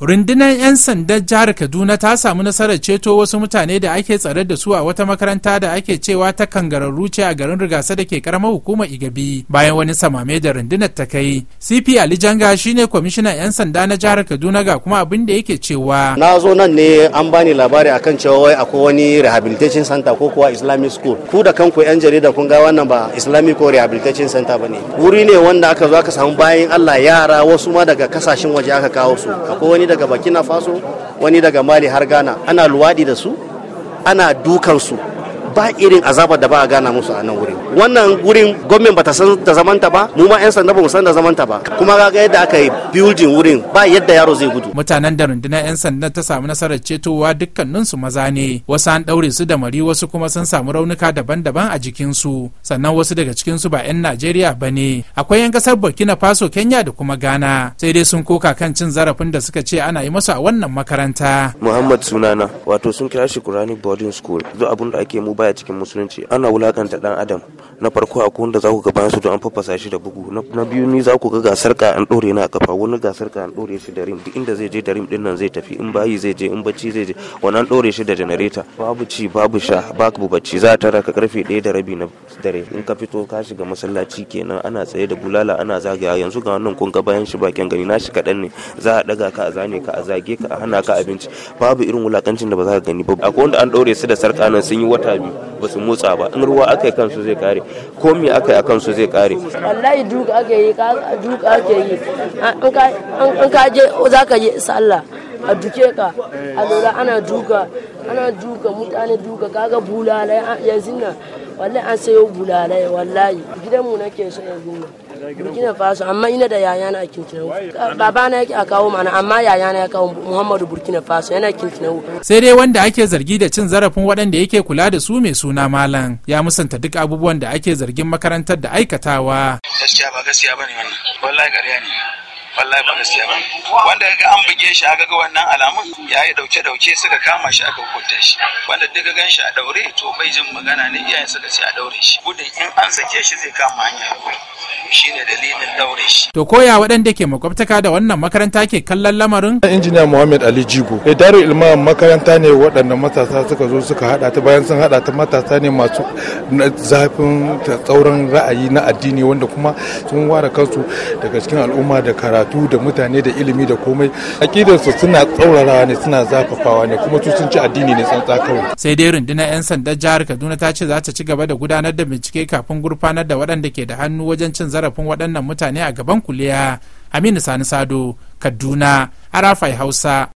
rundunar 'yan sandan jihar kaduna ta samu nasarar ceto wasu mutane da ake tsare da su a wata makaranta da ake cewa ta kangararru ce a garin rigasa da ke karamar hukumar igabi bayan wani samame da rundunar ta kai cp ali janga shine kwamishinan 'yan sanda na jihar kaduna ga kuma abin da yake cewa na zo nan ne an bani labari akan cewa wai akwai wani rehabilitation center ko kuwa islamic school ku da kanku 'yan jarida kun ga wannan ba islamic ko rehabilitation center ba ne wuri ne wanda aka zo aka samu bayan allah yara wasu ma daga kasashen waje aka kawo su akwai wani daga Burkina Faso wani daga Mali har Ghana ana luwaɗi da su ana su. ba irin azabar da ba a gana musu a nan wuri. wannan wurin gwamnati bata san da zamanta ba mu ma yan sanda ba mu san da zamanta ba kuma ga yadda aka yi building wurin ba yadda yaro zai gudu mutanen da rundunar yan sanda ta samu nasarar cetowa dukkanin su maza ne wasu an daure su da mari wasu kuma sun samu raunuka daban-daban a jikin su sannan wasu daga cikin su ba yan Najeriya ba ne akwai yan kasar Burkina Faso Kenya da kuma Ghana sai dai sun koka kan cin zarafin da suka ce ana yi masu a wannan makaranta Muhammad sunana wato sun kira shi Quranic boarding school duk abin da ake mu ba baya cikin musulunci ana wulakanta dan adam na farko akwai wanda za ku ga su don an fafasa shi da bugu na biyu ni za ku ga gasar ka an dore na kafa wani gasar ka an dore shi da rim duk inda zai je da rim din nan zai tafi in bayi zai je in bacci zai je wannan dore shi da janareta babu ci babu sha babu bacci za ta raka karfe 1 da rabi na dare in ka fito ka shiga masallaci kenan ana tsaye da bulala ana zagaya yanzu ga wannan kun ga bayan shi bakin gani na shi kadan ne za a daga ka a zane ka a zage ka a hana ka abinci babu irin wulakancin da ba za ka gani ba akwai wanda an dore su da sarkanan sun yi wata biyu ba su motsa ba in ruwa aka yi kansu zai kare ko me aka yi a kansu zai kare wallahi duka ake yi duka ake yi an ka je za ka yi sallah a duke ka a lura ana duka ana duka mutane duka kaga bulalai yanzu nan wallahi an sayo bulalai wallahi gidanmu nake so yanzu nan burkina faso amma ina da yayana a Baba na yake a kawo mana amma yayana ya kawo muhammadu burkina faso yana kintinau sai dai wanda ake zargi da cin zarafin waɗanda yake kula da su mai suna malam ya musanta duk abubuwan da ake zargin makarantar da aikatawa gaskiya ba gaskiya bane wannan wallahi ƙarya ne wallahi ba gaskiya ba wanda ga an buge shi aka ga wannan alamun ya yi dauke dauke suka kama shi aka hukunta shi wanda duka gan shi a daure to bai jin magana ne iyaye suka ce a daure shi gudun in an sake shi zai kama hanya shine dalilin daure shi to koya waɗanda ke makwabtaka da wannan makaranta ke kallon lamarin injiniya Muhammad Ali Jigo eh daru Ilman makaranta ne waɗanda matasa suka zo suka hada ta bayan sun hada ta matasa ne masu zafin tsauran ra'ayi na addini wanda kuma sun ware kansu daga cikin al'umma da karatu al'adu da mutane da ilimi da komai aƙidarsu suna tsaurarawa ne suna zafafawa ne kuma su sun ci addini ne tsantsa kawai sai dai rundunar 'yan sandan jihar kaduna ta ce za ta ci gaba da gudanar da bincike kafin gurfanar da waɗanda ke da hannu wajen cin zarafin waɗannan mutane a gaban kuliya aminu sani sado kaduna arafai hausa